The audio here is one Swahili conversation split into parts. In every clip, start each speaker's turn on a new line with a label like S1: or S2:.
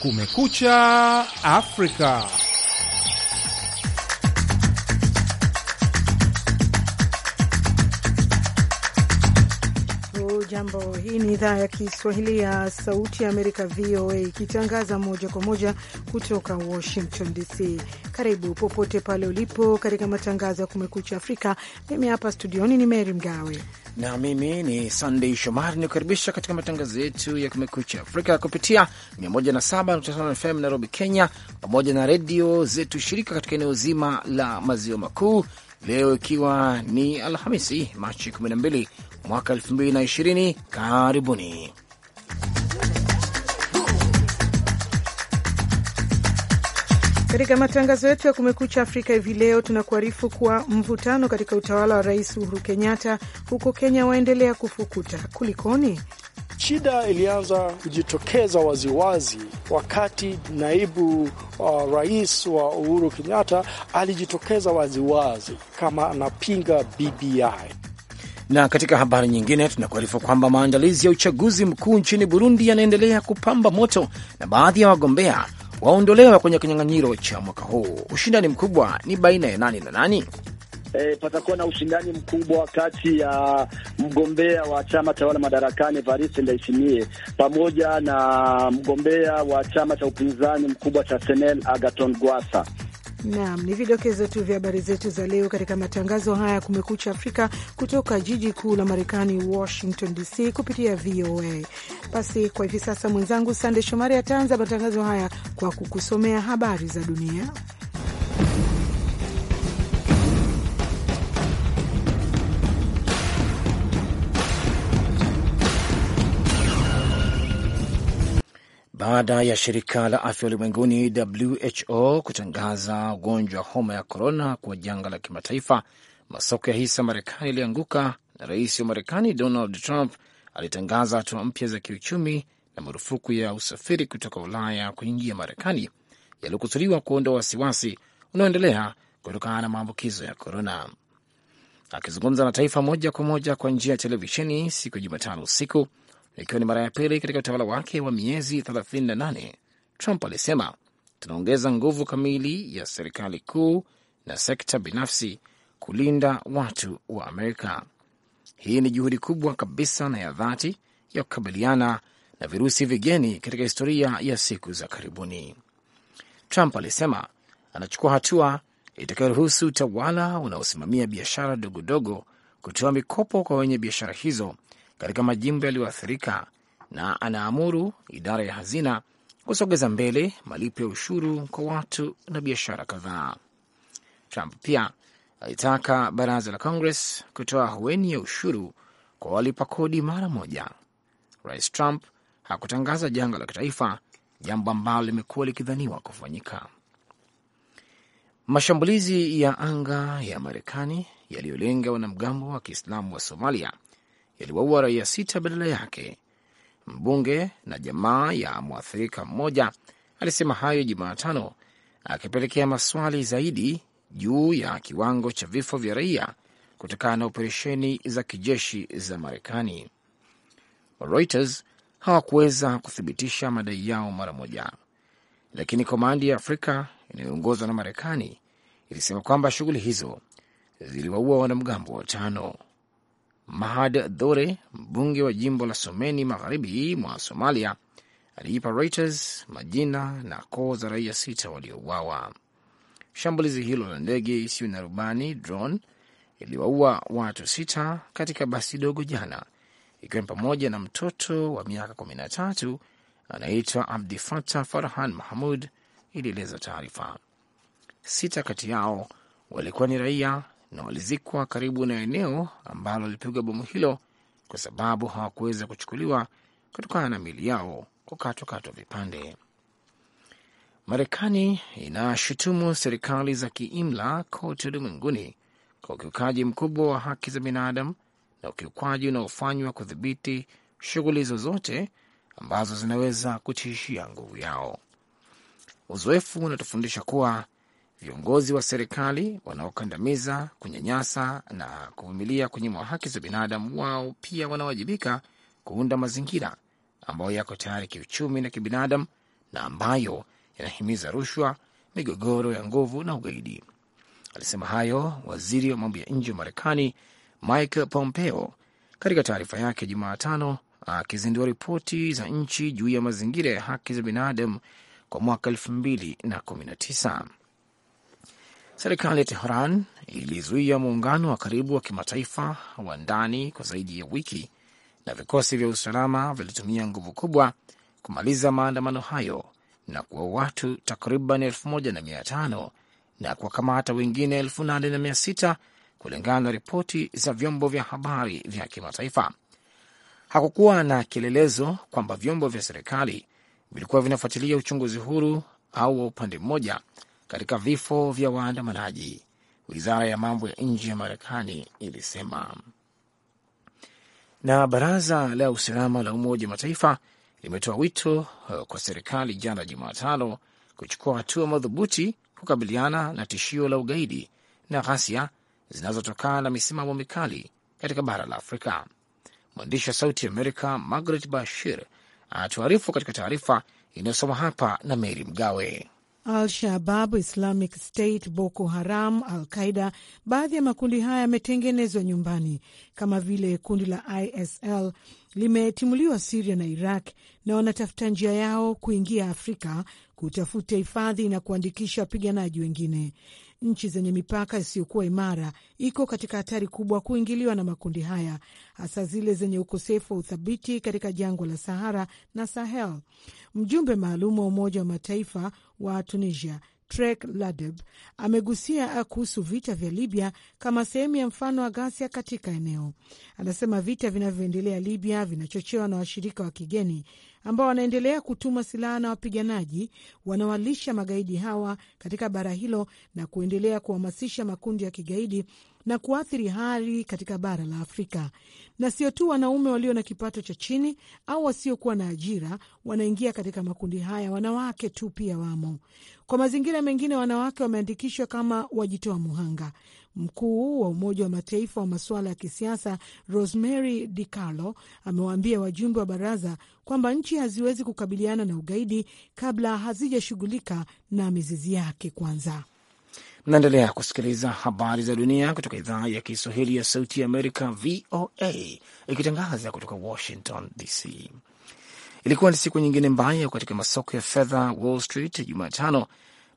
S1: Kumekucha Afrika.
S2: Jambo, hii ni idhaa ya Kiswahili ya Sauti ya Amerika, VOA, ikitangaza moja kwa moja kutoka Washington DC. Karibu popote pale ulipo katika matangazo ya Kumekucha Afrika. Mimi hapa studioni ni meri Mgawe
S3: na mimi ni Sandey Shomari, nikukaribisha katika matangazo yetu ya Kumekucha Afrika kupitia 107.5 FM Nairobi, Kenya, pamoja na redio zetu shirika katika eneo zima la maziwa makuu leo ikiwa ni Alhamisi, Machi 12 mwaka 2020. Karibuni.
S2: Katika matangazo yetu ya Kumekucha Afrika hivi leo tunakuarifu kuwa mvutano katika utawala wa Rais Uhuru Kenyatta huko Kenya waendelea kufukuta. Kulikoni?
S1: Shida ilianza kujitokeza waziwazi wakati naibu uh, rais wa Uhuru Kenyatta alijitokeza waziwazi kama anapinga BBI.
S3: Na katika habari nyingine tunakuarifa kwamba maandalizi ya uchaguzi mkuu nchini Burundi yanaendelea kupamba moto na baadhi ya wagombea waondolewa kwenye kinyang'anyiro cha mwaka huu. Ushindani mkubwa ni baina ya nani na nani?
S4: e, patakuwa na ushindani mkubwa kati ya mgombea wa chama tawala madarakani Evariste Ndayishimiye pamoja na mgombea wa chama cha upinzani mkubwa cha Senel agaton Gwasa.
S2: Naam, ni vidokezo tu vya habari zetu za leo katika matangazo haya ya Kumekucha Afrika kutoka jiji kuu la Marekani, Washington DC, kupitia VOA. Basi kwa hivi sasa, mwenzangu Sande Shomari ataanza matangazo haya kwa kukusomea habari za dunia.
S3: baada ya shirika la afya ulimwenguni WHO kutangaza ugonjwa wa homa ya korona kuwa janga la kimataifa, masoko ya hisa Marekani ilianguka na rais wa Marekani Donald Trump alitangaza hatua mpya za kiuchumi na marufuku ya usafiri kutoka Ulaya kuingia Marekani yaliyokusudiwa kuondoa wasiwasi unaoendelea kutokana na maambukizo ya korona. Akizungumza na taifa moja kwa moja kwa njia ya televisheni siku ya Jumatano usiku, ikiwa ni mara ya pili katika utawala wake wa miezi 38. Trump alisema tunaongeza nguvu kamili ya serikali kuu na sekta binafsi kulinda watu wa Amerika. Hii ni juhudi kubwa kabisa na ya dhati ya kukabiliana na virusi vigeni katika historia ya siku za karibuni. Trump alisema anachukua hatua itakayoruhusu utawala unaosimamia biashara dogodogo kutoa mikopo kwa wenye biashara hizo katika majimbo yaliyoathirika na anaamuru idara ya hazina kusogeza mbele malipo ya ushuru kwa watu na biashara kadhaa. Trump pia alitaka baraza la Congress kutoa hueni ya ushuru kwa walipa kodi mara moja. Rais Trump hakutangaza janga la kitaifa, jambo ambalo limekuwa likidhaniwa kufanyika. Mashambulizi ya anga ya Marekani yaliyolenga wanamgambo wa Kiislamu wa Somalia yaliwaua raia sita badala yake. Mbunge na jamaa ya mwathirika mmoja alisema hayo Jumatano, akipelekea maswali zaidi juu ya kiwango cha vifo vya raia kutokana na operesheni za kijeshi za Marekani. Reuters hawakuweza kuthibitisha madai yao mara moja, lakini komandi ya Afrika inayoongozwa na Marekani ilisema kwamba shughuli hizo ziliwaua wanamgambo watano. Mahad dhore mbunge wa jimbo la Someni magharibi mwa Somalia, aliipa Reuters majina na koo za raia sita waliouawa. Shambulizi hilo la ndege isiyo na rubani drone iliwaua watu sita katika basi dogo jana, ikiwa ni pamoja na mtoto wa miaka kumi na tatu anaitwa Abdi Fatah Farhan Mahmud, ilieleza taarifa. Sita kati yao walikuwa ni raia na walizikwa karibu na eneo ambalo walipigwa bomu hilo, kwa sababu hawakuweza kuchukuliwa kutokana na mili yao kukatwakatwa vipande. Marekani inashutumu serikali za kiimla kote ulimwenguni kwa ukiukaji mkubwa wa haki za binadamu na ukiukwaji unaofanywa kudhibiti shughuli zozote ambazo zinaweza kutishia nguvu yao. Uzoefu unatufundisha kuwa viongozi wa serikali wanaokandamiza, kunyanyasa na kuvumilia kunyimwa haki za binadamu, wao pia wanawajibika kuunda mazingira ambayo yako tayari kiuchumi na kibinadamu na ambayo yanahimiza rushwa, migogoro ya nguvu na ugaidi. Alisema hayo waziri wa mambo ya nje wa Marekani Mike Pompeo katika taarifa yake Jumatano akizindua ripoti za nchi juu ya mazingira ya haki za binadamu kwa mwaka l219 Serikali ya Tehran ilizuia muungano wa karibu wa kimataifa wa ndani kwa zaidi ya wiki na vikosi vya usalama vilitumia nguvu kubwa kumaliza maandamano hayo na kuwa watu takriban elfu moja na mia tano na kuwakamata wengine elfu nane na mia sita kulingana na ripoti za vyombo vya habari vya kimataifa. Hakukuwa na kielelezo kwamba vyombo vya serikali vilikuwa vinafuatilia uchunguzi huru au wa upande mmoja katika vifo vya waandamanaji, wizara ya mambo ya nje ya Marekani ilisema. Na baraza la usalama la Umoja wa Mataifa limetoa wito eh, kwa serikali jana Jumatano kuchukua hatua madhubuti kukabiliana na tishio la ugaidi na ghasia zinazotokana na misimamo mikali katika bara la Afrika. Mwandishi wa Sauti Amerika Margaret Bashir anatuarifu katika taarifa inayosoma hapa na Meri Mgawe.
S2: Al-Shabab, Islamic State, Boko Haram, Al-Qaida. Baadhi ya makundi haya yametengenezwa nyumbani kama vile kundi la ISL limetimuliwa Siria na Iraq na wanatafuta njia yao kuingia Afrika kutafuta hifadhi na kuandikisha wapiganaji wengine nchi zenye mipaka isiyokuwa imara iko katika hatari kubwa kuingiliwa na makundi haya, hasa zile zenye ukosefu wa uthabiti katika jangwa la Sahara na Sahel. Mjumbe maalum wa Umoja wa Mataifa wa Tunisia Trek Ladeb amegusia kuhusu vita vya Libya kama sehemu ya mfano wa ghasia katika eneo. Anasema vita vinavyoendelea Libya vinachochewa na washirika wa kigeni ambao wanaendelea kutuma silaha na wapiganaji wanaowalisha magaidi hawa katika bara hilo na kuendelea kuhamasisha makundi ya kigaidi na kuathiri hali katika bara la Afrika. Na sio tu wanaume walio na kipato cha chini au wasiokuwa na ajira wanaingia katika makundi haya, wanawake tu pia wamo. Kwa mazingira mengine, wanawake wameandikishwa kama wajitoa muhanga. Mkuu wa Umoja wa Mataifa wa masuala ya kisiasa Rosemary DiCarlo amewaambia wajumbe wa baraza kwamba nchi haziwezi kukabiliana na ugaidi kabla hazijashughulika na mizizi yake kwanza.
S3: Mnaendelea kusikiliza habari za dunia kutoka idhaa ya Kiswahili ya Sauti ya Amerika, VOA, ikitangaza kutoka Washington DC. Ilikuwa ni siku nyingine mbaya katika masoko ya fedha Wall Street Jumatano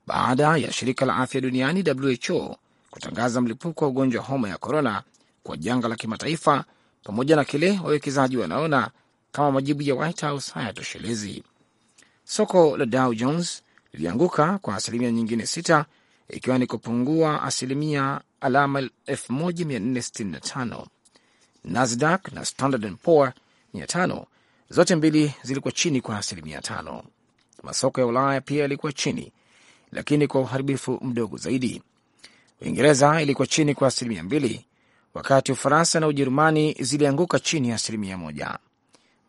S3: baada ya shirika la afya duniani WHO kutangaza mlipuko wa ugonjwa wa homa ya korona kwa janga la kimataifa, pamoja na kile wawekezaji wanaona kama majibu ya White House hayatoshelezi. Soko la Dow Jones lilianguka kwa asilimia nyingine sita, ikiwa ni kupungua asilimia alama 1465. Nasdaq na Standard and Poor 500 zote mbili zilikuwa chini kwa asilimia tano. Masoko ya Ulaya pia yalikuwa chini, lakini kwa uharibifu mdogo zaidi. Uingereza ilikuwa chini kwa asilimia mbili, wakati Ufaransa na Ujerumani zilianguka chini ya asilimia moja.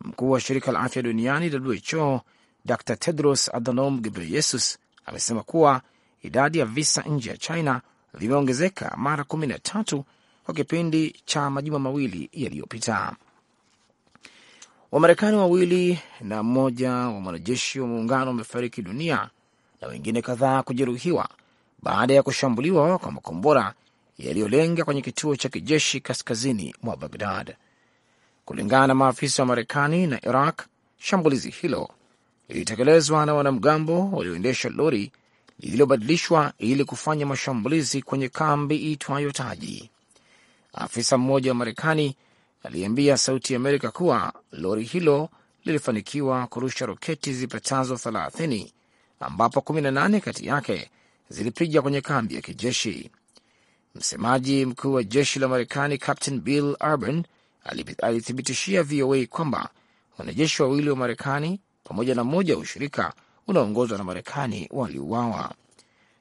S3: Mkuu wa shirika la afya duniani WHO Dr Tedros Adhanom Ghebreyesus amesema kuwa idadi ya visa nje ya China vimeongezeka mara kumi na tatu kwa kipindi cha majuma mawili yaliyopita. Wamarekani wawili na mmoja wa mwanajeshi wa muungano wamefariki dunia na wengine kadhaa kujeruhiwa baada ya kushambuliwa kwa makombora yaliyolenga kwenye kituo cha kijeshi kaskazini mwa Bagdad. Kulingana na maafisa wa Marekani na Iraq, shambulizi hilo lilitekelezwa na wanamgambo walioendesha lori lililobadilishwa ili kufanya mashambulizi kwenye kambi iitwayo Taji. Afisa mmoja wa Marekani aliambia Sauti ya Amerika kuwa lori hilo lilifanikiwa kurusha roketi zipatazo 30 ambapo 18 kati yake zilipiga kwenye kambi ya kijeshi. Msemaji mkuu wa jeshi la Marekani Captain Bill Urban alithibitishia VOA kwamba wanajeshi wawili wa Marekani pamoja na mmoja wa ushirika unaoongozwa na Marekani waliuawa.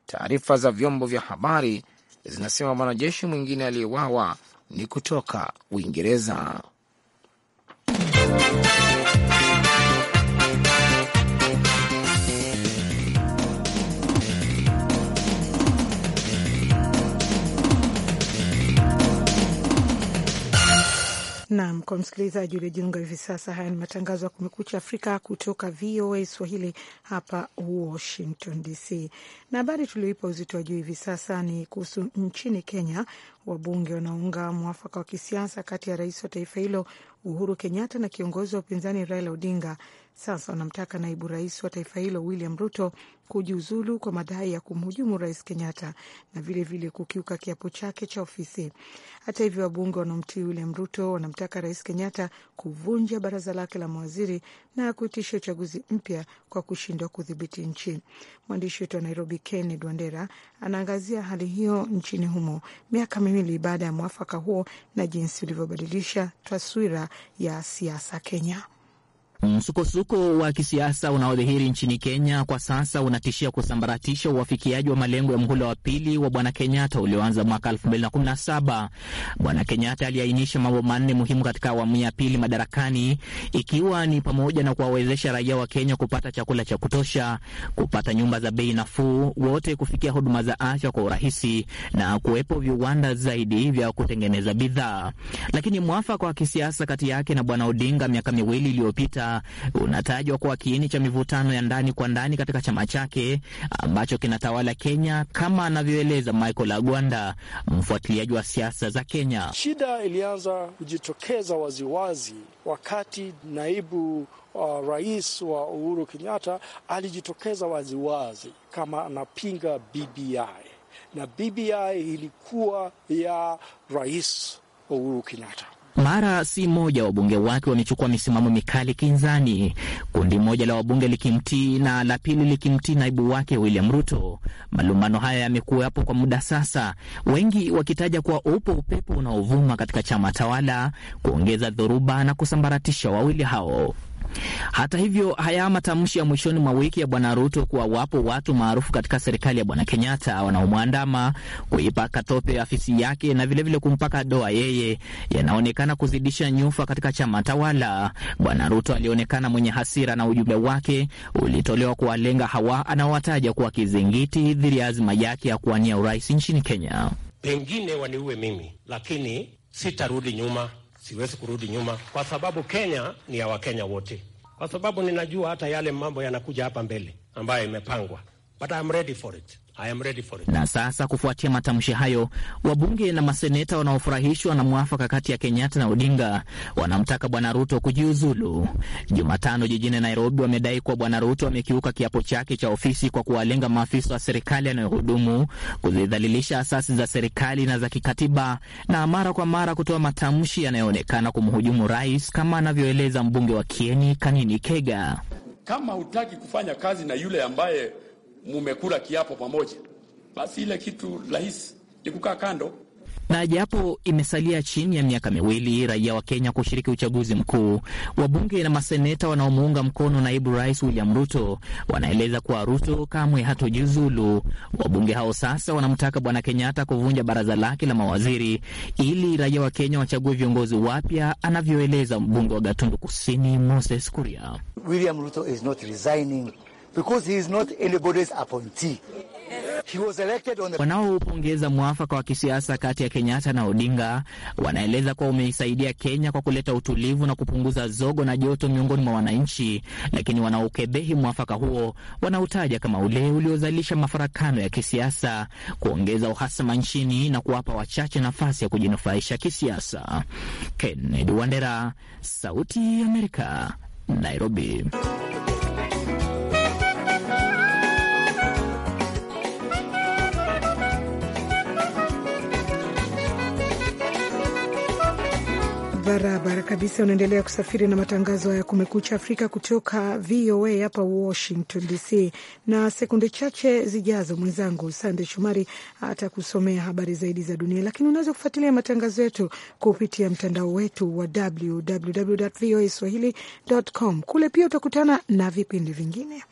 S3: Taarifa za vyombo vya habari zinasema mwanajeshi mwingine aliyeuawa ni kutoka Uingereza.
S2: Naam, kwa msikilizaji uliojiunga hivi sasa, haya ni matangazo ya Kumekucha Afrika kutoka VOA Swahili hapa Washington DC, na habari tulioipa uzito wa juu hivi sasa ni kuhusu nchini Kenya. Wabunge wanaunga mwafaka wa kisiasa kati ya rais wa taifa hilo Uhuru Kenyatta na kiongozi wa upinzani Raila Odinga sasa wanamtaka naibu rais wa taifa hilo William Ruto kujiuzulu kwa madai ya kumhujumu rais Kenyatta na vilevile vile kukiuka kiapo chake cha ofisi. Hata hivyo, wabunge wanaomtii William Ruto wanamtaka rais Kenyatta kuvunja baraza lake la mawaziri na kuitisha uchaguzi mpya kwa kushindwa kudhibiti nchi. Mwandishi wetu wa Nairobi, kenned Wandera, anaangazia hali hiyo nchini humo miaka miwili baada ya mwafaka huo na jinsi ulivyobadilisha taswira ya siasa Kenya.
S5: Msukosuko mm, wa kisiasa unaodhihiri nchini Kenya kwa sasa unatishia kusambaratisha uwafikiaji wa malengo ya mhula wa pili wa Bwana Kenyatta ulioanza mwaka 2017. Bwana Kenyatta aliainisha mambo manne muhimu katika awamu ya pili madarakani, ikiwa ni pamoja na kuwawezesha raia wa Kenya kupata chakula cha kutosha, kupata nyumba za bei nafuu, wote kufikia huduma za afya kwa urahisi na kuwepo viwanda zaidi vya kutengeneza bidhaa. Lakini mwafaka wa kisiasa kati yake na Bwana Odinga miaka miwili iliyopita unatajwa kuwa kiini cha mivutano ya ndani kwa ndani katika chama chake ambacho kinatawala Kenya, kama anavyoeleza Michael Agwanda, mfuatiliaji wa siasa za Kenya.
S1: Shida ilianza kujitokeza waziwazi wakati naibu Uh, rais wa Uhuru Kenyatta alijitokeza waziwazi kama anapinga BBI na BBI ilikuwa ya rais Uhuru Kenyatta.
S5: Mara si moja wabunge wake wamechukua misimamo mikali kinzani, kundi moja la wabunge likimtii na la pili likimtii naibu wake William Ruto. Malumbano haya yamekuwepo kwa muda sasa, wengi wakitaja kuwa upo upepo unaovuma katika chama tawala kuongeza dhoruba na kusambaratisha wawili hao. Hata hivyo, haya matamshi ya mwishoni mwa wiki ya Bwana Ruto kuwa wapo watu maarufu katika serikali ya Bwana Kenyatta wanaomwandama, kuipaka tope afisi yake na vilevile vile kumpaka doa yeye, yanaonekana kuzidisha nyufa katika chama tawala. Bwana Ruto alionekana mwenye hasira na ujumbe wake ulitolewa kuwalenga hawa anaowataja kuwa kizingiti dhidi ya azima yake ya kuwania urais nchini Kenya.
S6: Pengine waniue mimi, lakini sitarudi nyuma siwezi kurudi nyuma, kwa sababu Kenya ni ya Wakenya wote, kwa sababu ninajua hata yale mambo yanakuja hapa mbele ambayo imepangwa, but I'm ready for it.
S5: Na sasa kufuatia matamshi hayo, wabunge na maseneta wanaofurahishwa na mwafaka kati ya Kenyatta na Odinga wanamtaka Bwana Ruto kujiuzulu. Jumatano jijini Nairobi, wamedai kuwa Bwana Ruto amekiuka kiapo chake cha ofisi kwa kuwalenga maafisa wa serikali yanayohudumu, kuzidhalilisha asasi za serikali na za kikatiba, na mara kwa mara kutoa matamshi yanayoonekana kumhujumu rais, kama anavyoeleza mbunge wa Kieni Kanini Kega.
S6: Kama hutaki kufanya kazi na yule ambaye mumekula kiapo pamoja, basi ile kitu rahisi ni kukaa kando.
S5: Na japo imesalia chini ya miaka miwili raia wa Kenya kushiriki uchaguzi mkuu, wabunge na maseneta wanaomuunga mkono naibu rais William Ruto wanaeleza kuwa Ruto kamwe hatojiuzulu. Wabunge hao sasa wanamtaka bwana Kenyatta kuvunja baraza lake la mawaziri ili raia wa Kenya wachague viongozi wapya, anavyoeleza mbunge wa Gatundu Kusini Moses Kuria.
S4: William Ruto is not resigning because he is not anybody's appointee.
S5: Wanaoupongeza mwafaka wa kisiasa kati ya Kenyatta na Odinga wanaeleza kuwa umeisaidia Kenya kwa kuleta utulivu na kupunguza zogo na joto miongoni mwa wananchi, lakini wanaokebehi mwafaka huo wanautaja kama ule uliozalisha mafarakano ya kisiasa, kuongeza uhasama nchini na kuwapa wachache nafasi ya kujinufaisha kisiasa. Kennedy Wandera, Sauti ya Amerika, Nairobi.
S2: Barabara kabisa, unaendelea kusafiri na matangazo ya Kumekucha Afrika kutoka VOA hapa Washington DC, na sekunde chache zijazo mwenzangu Sande Shomari atakusomea habari zaidi za dunia, lakini unaweza kufuatilia matangazo yetu kupitia mtandao wetu wa www voa swahili com. Kule pia utakutana na vipindi vingine.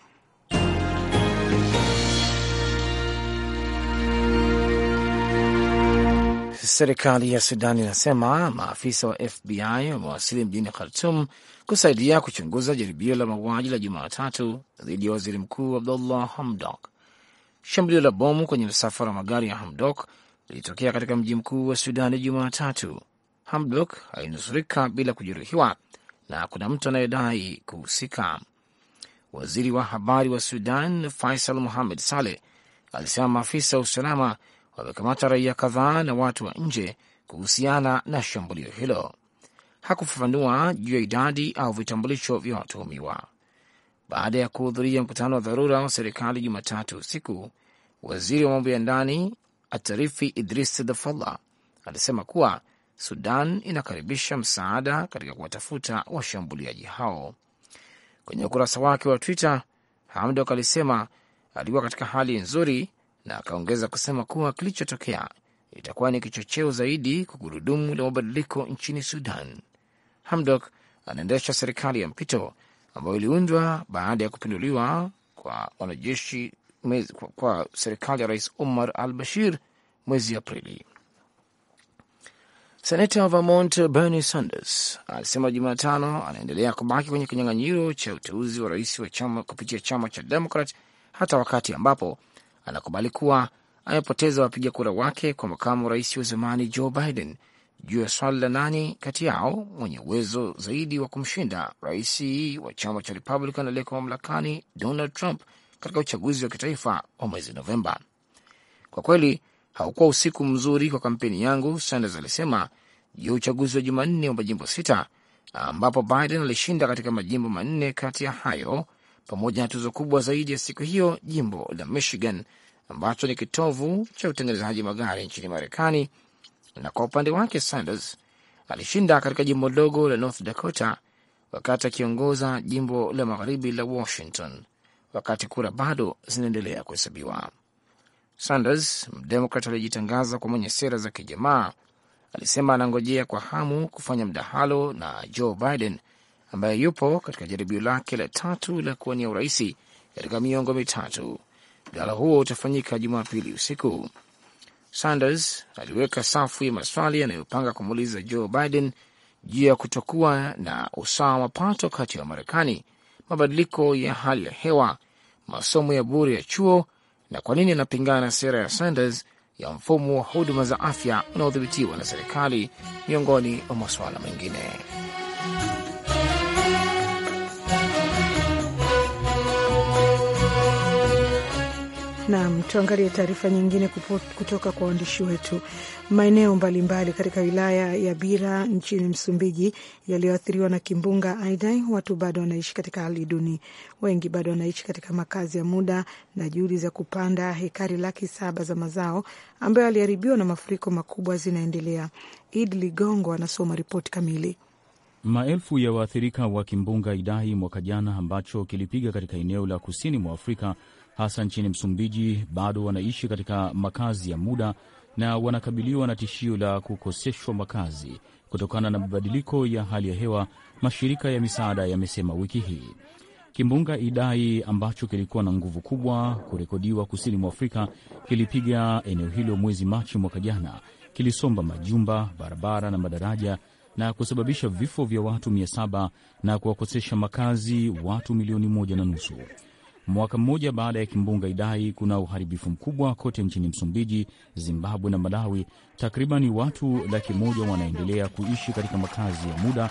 S3: Serikali ya Sudan inasema maafisa wa FBI wamewasili mjini Khartum kusaidia kuchunguza jaribio la mauaji la Jumatatu dhidi ya waziri mkuu Abdullah Hamdok. Shambulio la bomu kwenye msafara wa magari ya Hamdok lilitokea katika mji mkuu wa Sudani Jumatatu. Hamdok alinusurika bila kujeruhiwa na kuna mtu anayedai kuhusika. Waziri wa habari wa Sudan Faisal muhamed Saleh alisema maafisa wa usalama wamekamata raia kadhaa na watu wa nje kuhusiana na shambulio hilo. Hakufafanua juu ya idadi au vitambulisho vya watuhumiwa. Baada ya kuhudhuria mkutano wa dharura wa serikali Jumatatu usiku, waziri wa mambo ya ndani Atarifi Idris Dafalla alisema kuwa Sudan inakaribisha msaada katika kuwatafuta washambuliaji hao. Kwenye ukurasa wake wa Twitter, Hamdok alisema alikuwa katika hali nzuri na akaongeza kusema kuwa kilichotokea itakuwa ni kichocheo zaidi kwa gurudumu la mabadiliko nchini Sudan. Hamdok anaendesha serikali ya mpito ambayo iliundwa baada ya kupinduliwa kwa wanajeshi kwa, kwa serikali ya Rais Omar al Bashir mwezi Aprili. Senata wa Vermont Bernie Sanders alisema Jumatano anaendelea kubaki kwenye kinyang'anyiro cha uteuzi wa rais wa chama kupitia chama cha Demokrat hata wakati ambapo anakubali kuwa amepoteza wapiga kura wake kwa makamu rais wa zamani Joe Biden juu ya swali la nani kati yao mwenye uwezo zaidi wa kumshinda rais wa chama cha Republican aliyeko mamlakani Donald Trump katika uchaguzi wa kitaifa wa mwezi Novemba. Kwa kweli haukuwa usiku mzuri kwa kampeni yangu, Sanders alisema juu ya uchaguzi wa Jumanne wa majimbo sita ambapo Biden alishinda katika majimbo manne kati ya hayo pamoja na tuzo kubwa zaidi ya siku hiyo, jimbo la Michigan ambacho ni kitovu cha utengenezaji magari nchini Marekani. Na kwa upande wake, Sanders alishinda katika jimbo dogo la North Dakota wakati akiongoza jimbo la magharibi la Washington, wakati kura bado zinaendelea kuhesabiwa. Sanders, mdemokrat aliyejitangaza kwa mwenye sera za kijamaa, alisema anangojea kwa hamu kufanya mdahalo na Joe Biden ambaye yupo katika jaribio lake la tatu la kuwania uraisi katika miongo mitatu. Mdahalo huo utafanyika Jumapili usiku. Sanders aliweka safu ya maswali yanayopanga kumuuliza Joe Biden juu ya kutokuwa na usawa mapato kati ya Wamarekani, mabadiliko ya hali ya hewa, masomo ya bure ya chuo na kwa nini anapingana na sera ya Sanders ya mfumo wa huduma za afya unaodhibitiwa na serikali, miongoni mwa masuala mengine.
S2: Nam, tuangalie taarifa nyingine kutoka kwa waandishi wetu. Maeneo mbalimbali katika wilaya ya Bira nchini Msumbiji yaliyoathiriwa na kimbunga Idai, watu bado wanaishi katika hali duni. Wengi bado wanaishi katika makazi ya muda, na juhudi za kupanda hekari laki saba za mazao ambayo yaliharibiwa na mafuriko makubwa zinaendelea. Id Ligongo anasoma ripoti kamili.
S6: Maelfu ya waathirika wa kimbunga Idai mwaka jana ambacho kilipiga katika eneo la kusini mwa Afrika hasa nchini Msumbiji bado wanaishi katika makazi ya muda na wanakabiliwa na tishio la kukoseshwa makazi kutokana na mabadiliko ya hali ya hewa, mashirika ya misaada yamesema wiki hii. Kimbunga Idai ambacho kilikuwa na nguvu kubwa kurekodiwa kusini mwa Afrika kilipiga eneo hilo mwezi Machi mwaka jana, kilisomba majumba, barabara na madaraja na kusababisha vifo vya watu 700 na kuwakosesha makazi watu milioni moja na nusu. Mwaka mmoja baada ya kimbunga Idai, kuna uharibifu mkubwa kote nchini Msumbiji, Zimbabwe na Malawi. Takribani watu laki moja wanaendelea kuishi katika makazi ya muda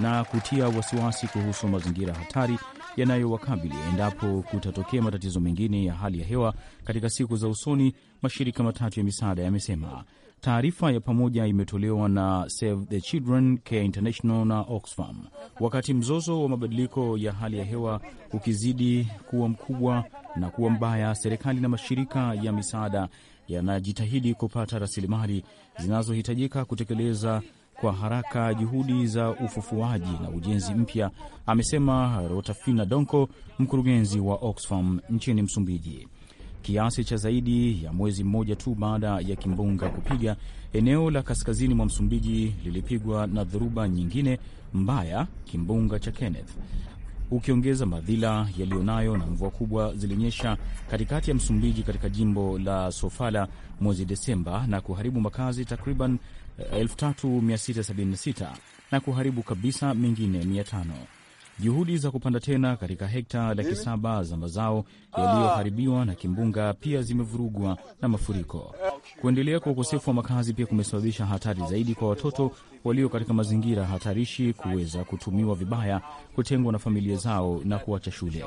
S6: na kutia wasiwasi kuhusu mazingira hatari yanayowakabili endapo kutatokea matatizo mengine ya hali ya hewa katika siku za usoni, mashirika matatu ya misaada yamesema. Taarifa ya pamoja imetolewa na Save the Children, Care International na Oxfam. Wakati mzozo wa mabadiliko ya hali ya hewa ukizidi kuwa mkubwa na kuwa mbaya, serikali na mashirika ya misaada yanajitahidi kupata rasilimali zinazohitajika kutekeleza kwa haraka juhudi za ufufuaji na ujenzi mpya, amesema Rotafina Donko, mkurugenzi wa Oxfam nchini Msumbiji kiasi cha zaidi ya mwezi mmoja tu baada ya kimbunga kupiga eneo la kaskazini mwa Msumbiji. Lilipigwa na dhoruba nyingine mbaya, kimbunga cha Kenneth, ukiongeza madhila yaliyonayo na mvua kubwa zilinyesha katikati ya Msumbiji katika jimbo la Sofala mwezi Desemba na kuharibu makazi takriban 3676 eh, na kuharibu kabisa mengine 500. Juhudi za kupanda tena katika hekta laki saba za mazao ah. yaliyoharibiwa na kimbunga pia zimevurugwa na mafuriko. Kuendelea kwa ukosefu wa makazi pia kumesababisha hatari zaidi kwa watoto walio katika mazingira hatarishi kuweza kutumiwa vibaya, kutengwa na familia zao na kuacha shule.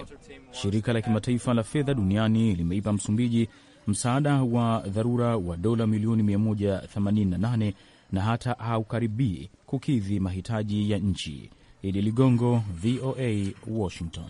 S6: Shirika la kimataifa la fedha duniani limeipa Msumbiji msaada wa dharura wa dola milioni 188 na hata haukaribii kukidhi mahitaji ya nchi. Idi Ligongo, VOA Washington.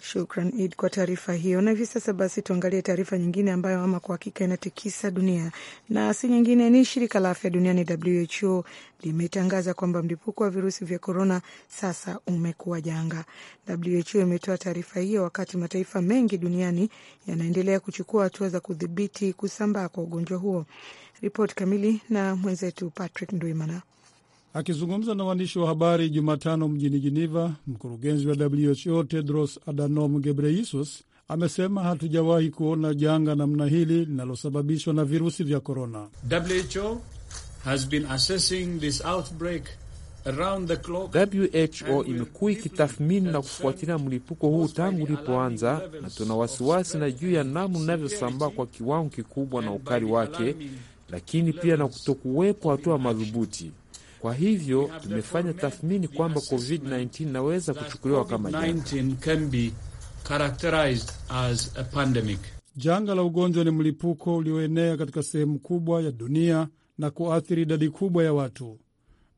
S2: Shukran Id kwa taarifa hiyo. Na hivi sasa basi tuangalie taarifa nyingine ambayo ama kwa hakika inatikisa dunia, na si nyingine ni shirika la afya duniani WHO limetangaza kwamba mlipuko wa virusi vya korona sasa umekuwa janga. WHO imetoa taarifa hiyo wakati mataifa mengi duniani yanaendelea kuchukua hatua za kudhibiti kusambaa kwa ugonjwa huo. Ripoti kamili na mwenzetu Patrick Ndwimana.
S1: Akizungumza na waandishi wa habari Jumatano mjini Geneva, mkurugenzi wa WHO Tedros Adhanom Ghebreyesus amesema hatujawahi kuona janga namna hili linalosababishwa na virusi vya korona. WHO has been assessing this outbreak around the clock.
S6: WHO imekuwa ikitathmini na kufuatilia mlipuko huu tangu ulipoanza, na tuna wasiwasi na juu ya namu unavyosambaa kwa kiwango kikubwa na ukali wake, lakini pia na kutokuwepo hatua madhubuti kwa hivyo tumefanya tathmini kwamba COVID-19 inaweza kuchukuliwa kama
S1: janga. la ugonjwa ni mlipuko ulioenea katika sehemu kubwa ya dunia na kuathiri idadi kubwa ya watu.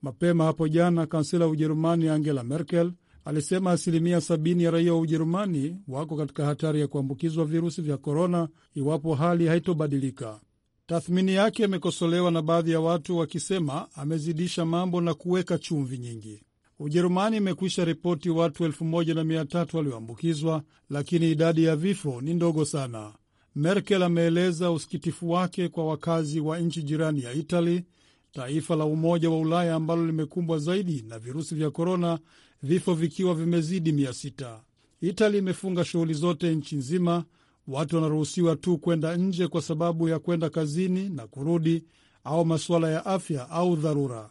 S1: Mapema hapo jana, kansela wa Ujerumani Angela Merkel alisema asilimia sabini ya raia wa Ujerumani wako katika hatari ya kuambukizwa virusi vya korona iwapo hali haitobadilika. Tathmini yake imekosolewa na baadhi ya watu wakisema amezidisha mambo na kuweka chumvi nyingi. Ujerumani imekwisha ripoti watu 13 walioambukizwa, lakini idadi ya vifo ni ndogo sana. Merkel ameeleza usikitifu wake kwa wakazi wa nchi jirani ya Itali, taifa la Umoja wa Ulaya ambalo limekumbwa zaidi na virusi vya korona, vifo vikiwa vimezidi mia sita. Itali imefunga shughuli zote nchi nzima watu wanaruhusiwa tu kwenda nje kwa sababu ya kwenda kazini na kurudi au masuala ya afya au dharura.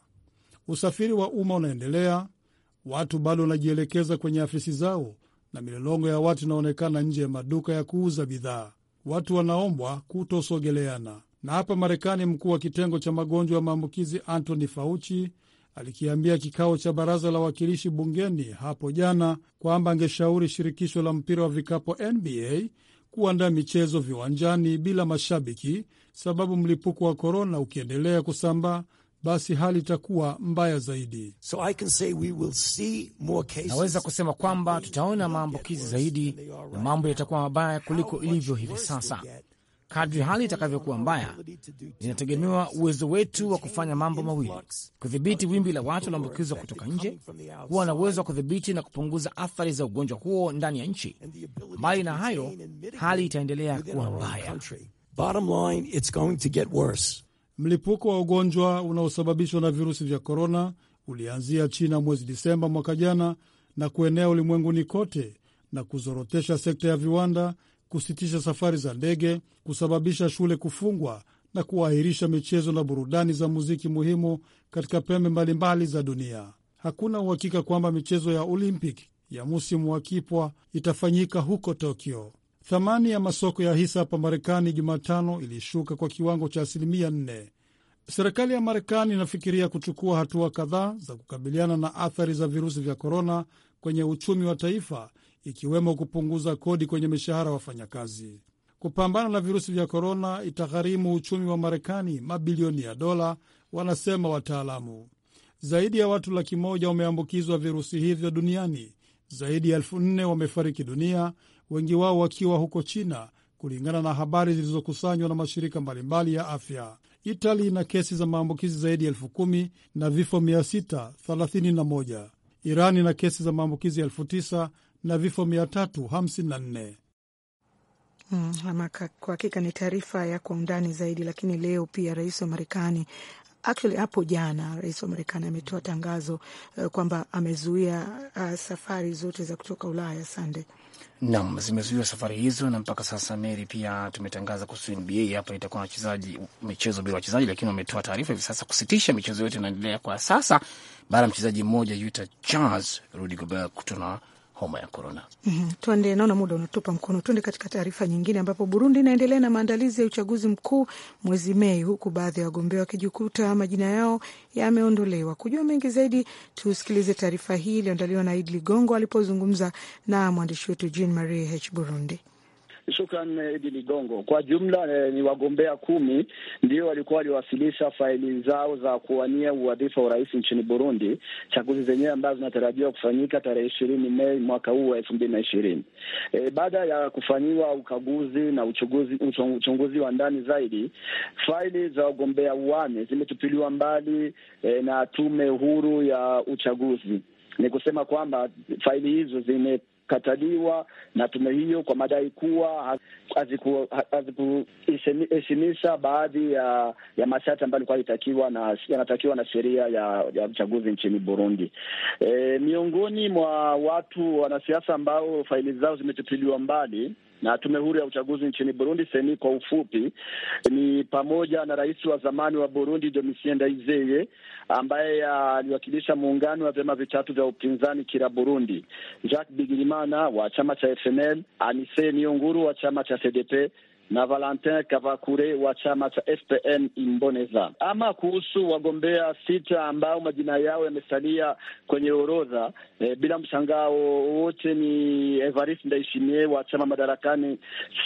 S1: Usafiri wa umma unaendelea, watu bado wanajielekeza kwenye afisi zao na milolongo ya watu inaonekana nje ya maduka ya kuuza bidhaa. Watu wanaombwa kutosogeleana. Na hapa Marekani, mkuu wa kitengo cha magonjwa ya maambukizi Anthony Fauci alikiambia kikao cha baraza la wawakilishi bungeni hapo jana kwamba angeshauri shirikisho la mpira wa vikapo NBA kuandaa michezo viwanjani bila mashabiki, sababu mlipuko wa korona ukiendelea kusambaa basi hali itakuwa mbaya zaidi.
S4: So naweza
S1: kusema kwamba tutaona maambukizi zaidi na mambo yatakuwa mabaya kuliko
S3: ilivyo hivi sasa, Kadri hali itakavyokuwa mbaya, inategemewa uwezo wetu wa kufanya mambo mawili: kudhibiti wimbi la watu walioambukizwa kutoka nje, kuwa na uwezo wa kudhibiti na kupunguza athari za ugonjwa huo ndani ya nchi. Mbali na hayo, hali
S4: itaendelea
S1: kuwa mbaya. Mlipuko wa ugonjwa unaosababishwa na virusi vya korona ulianzia China mwezi Disemba mwaka jana na kuenea ulimwenguni kote na kuzorotesha sekta ya viwanda kusitisha safari za ndege, kusababisha shule kufungwa na kuahirisha michezo na burudani za muziki muhimu katika pembe mbalimbali za dunia. Hakuna uhakika kwamba michezo ya Olympic ya musimu wa kipwa itafanyika huko Tokyo. Thamani ya masoko ya hisa hapa Marekani Jumatano ilishuka kwa kiwango cha asilimia nne. Serikali ya Marekani inafikiria kuchukua hatua kadhaa za kukabiliana na athari za virusi vya korona kwenye uchumi wa taifa ikiwemo kupunguza kodi kwenye mishahara wafanyakazi. Kupambana na virusi vya korona itagharimu uchumi wa Marekani mabilioni ya dola, wanasema wataalamu. Zaidi ya watu laki moja wameambukizwa virusi hivyo duniani. Zaidi ya elfu nne wamefariki dunia, wengi wao wakiwa huko China, kulingana na habari zilizokusanywa na mashirika mbalimbali ya afya. Itali ina kesi za maambukizi zaidi ya elfu kumi na vifo 631. Irani ina kesi za maambukizi elfu tisa na vifo 354.
S2: Hmm, kwa hakika ni taarifa ya kwa undani zaidi, lakini leo pia rais wa Marekani actually hapo jana rais wa Marekani ametoa tangazo uh, kwamba amezuia uh, safari zote za kutoka Ulaya sande
S3: Nam zimezuiwa safari hizo, na mpaka sasa Meri, pia tumetangaza kuhusu NBA hapa itakuwa na wachezaji michezo bila wachezaji, lakini wametoa taarifa hivi sasa kusitisha michezo yote inaendelea kwa sasa, baada ya mchezaji mmoja Utah Jazz Rudy Gobert kutona homa ya korona.
S2: Mm -hmm. Tuende, naona muda unatupa mkono, tuende katika taarifa nyingine, ambapo Burundi inaendelea na maandalizi ya uchaguzi mkuu mwezi Mei, huku baadhi ya wagombea wakijikuta majina yao yameondolewa. Kujua mengi zaidi, tusikilize taarifa hii iliyoandaliwa na Idli Ligongo alipozungumza na mwandishi wetu Jean Marie H Burundi.
S4: Shukran eh, Idi Ligongo. Kwa jumla eh, ni wagombea kumi ndio walikuwa waliwasilisha faili zao za kuwania uwadhifa wa urais nchini Burundi, chaguzi zenyewe ambazo zinatarajiwa kufanyika tarehe ishirini Mei mwaka huu wa elfu mbili na ishirini. E, baada ya kufanyiwa ukaguzi na uchunguzi, uchunguzi wa ndani zaidi, faili za wagombea wane zimetupiliwa mbali e, na tume huru ya uchaguzi. Ni kusema kwamba faili hizo zime kataliwa na tume hiyo kwa madai kuwa hazikuheshimisha baadhi ya ya masharti ambayo ilikuwa itakiwa na yanatakiwa na sheria ya ya uchaguzi nchini Burundi. E, miongoni mwa watu wanasiasa ambao faili zao zimetupiliwa mbali na tume huru ya uchaguzi nchini Burundi seni kwa ufupi, ni pamoja na rais wa zamani wa Burundi Domitien Ndayizeye ambaye aliwakilisha muungano wa vyama vitatu vya upinzani kila Burundi, Jacques Bigirimana wa chama cha FNL, Anise Nionguru wa chama cha CDP na Valentin Kavakure wa chama cha FPN Imboneza. Ama kuhusu wagombea sita ambao majina yao yamesalia kwenye orodha e, bila mshangao wote ni evarist Ndaishimie wa chama madarakani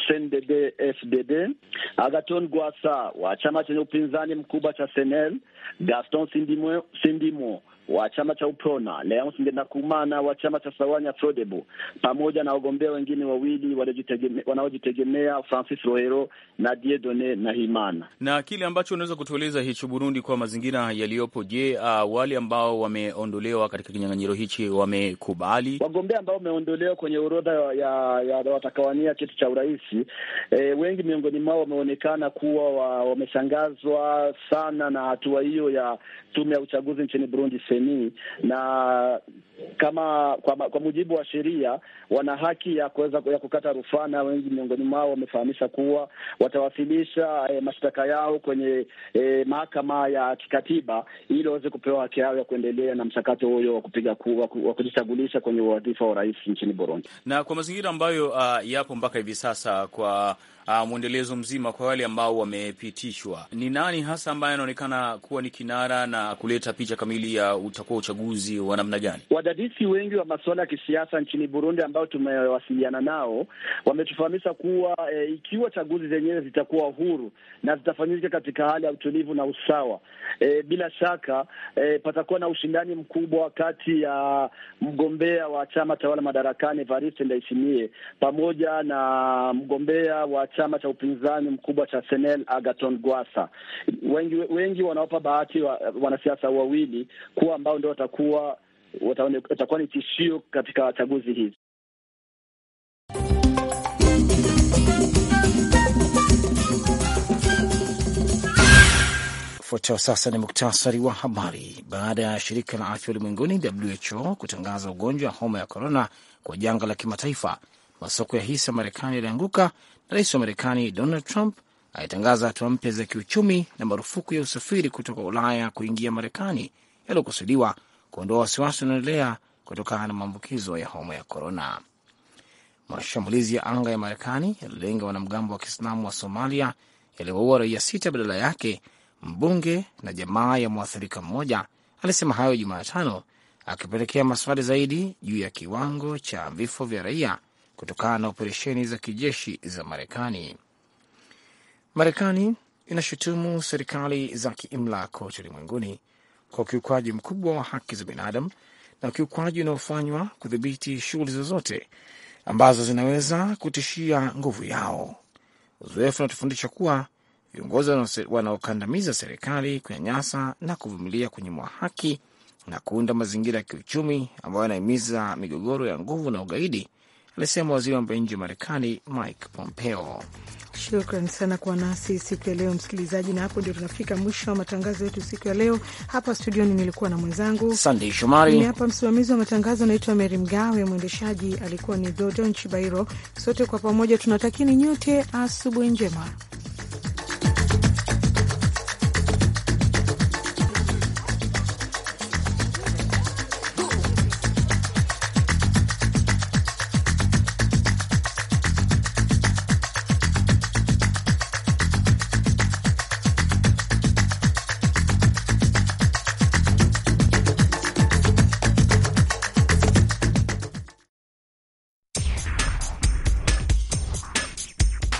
S4: CNDD FDD, Agaton Gwasa wa chama chenye upinzani mkubwa cha CNL, Gaston Sindimo, Sindimo wa chama cha Uprona, Leonce Ngendakumana wa chama cha Sawanya Frodebu, pamoja na wagombea wengine wawili wanaojitegemea Francis Rohero na Diedone na Himana.
S6: Na kile ambacho unaweza kutueleza hicho Burundi kwa mazingira yaliyopo, je, uh, wale ambao wameondolewa katika kinyang'anyiro hichi wamekubali?
S4: Wagombea ambao wameondolewa kwenye orodha ya, ya watakawania kiti cha urais e, wengi miongoni mwao wameonekana kuwa wameshangazwa sana na hatua hiyo ya tume ya uchaguzi nchini Burundi jamii, na kama kwa, kwa mujibu wa sheria wana haki ya kuweza ya kukata rufaa, na wengi miongoni mwao wamefahamisha kuwa watawasilisha eh, mashtaka yao kwenye eh, mahakama ya kikatiba ili waweze kupewa haki yao ya kuendelea na mchakato huyo wa kupiga wa kujichagulisha kwenye wadhifa wa rais nchini Burundi,
S6: na kwa mazingira ambayo uh, yapo mpaka hivi sasa kwa uh, mwendelezo mzima kwa wale ambao wamepitishwa, ni nani hasa ambaye anaonekana kuwa ni kinara na kuleta picha kamili ya utakuwa uchaguzi wa namna gani?
S4: Wadadisi wengi wa masuala ya kisiasa nchini Burundi ambao tumewasiliana nao wametufahamisha kuwa e, ikiwa chaguzi zenyewe zitakuwa huru na zitafanyika katika hali ya utulivu na usawa, e, bila shaka e, patakuwa na ushindani mkubwa kati ya mgombea wa chama tawala madarakani Evariste Ndayishimiye pamoja na mgombea wa chama cha upinzani mkubwa cha Senel agaton Gwasa. Wengi, wengi wanaopa bahati wa, wanasiasa wawili kuwa ambao ndio watakuwa watakuwa ni tishio katika chaguzi hizi.
S3: Fuatao sasa ni muktasari wa habari. Baada ya shirika la afya ulimwenguni WHO kutangaza ugonjwa wa homa ya korona kwa janga la kimataifa, masoko ya hisa Marekani yalianguka na rais wa Marekani Donald Trump alitangaza hatua mpya za kiuchumi na marufuku ya usafiri kutoka Ulaya kuingia Marekani yaliyokusudiwa kuondoa wasiwasi unaendelea kutokana na maambukizo ya homa ya korona. Mashambulizi ya anga ya Marekani yalilenga wanamgambo wa Kiislamu wa Somalia yaliwaua raia sita. Badala yake mbunge na jamaa ya mwathirika mmoja alisema hayo Jumatano, akipelekea maswali zaidi juu ya kiwango cha vifo vya raia kutokana na operesheni za kijeshi za Marekani. Marekani inashutumu serikali za kiimla kote ulimwenguni kwa ukiukwaji mkubwa wa haki za binadamu na ukiukwaji unaofanywa kudhibiti shughuli zozote ambazo zinaweza kutishia nguvu yao. Uzoefu unatufundisha kuwa viongozi wanaokandamiza serikali, kunyanyasa na kuvumilia kunyimwa haki na kuunda mazingira ya kiuchumi ambayo yanahimiza migogoro ya nguvu na ugaidi alisema waziri wa mambo ya nje wa Marekani Mike Pompeo.
S2: Shukran sana kwa nasi siku ya leo msikilizaji, na hapo ndio tunafika mwisho wa matangazo yetu siku ya leo. Hapa studioni nilikuwa na mwenzangu
S3: Sandei Shomari, ni hapa
S2: msimamizi wa matangazo anaitwa Meri Mgawe, mwendeshaji alikuwa ni Dodon Chibairo. Sote kwa pamoja tunatakini nyote asubuhi njema.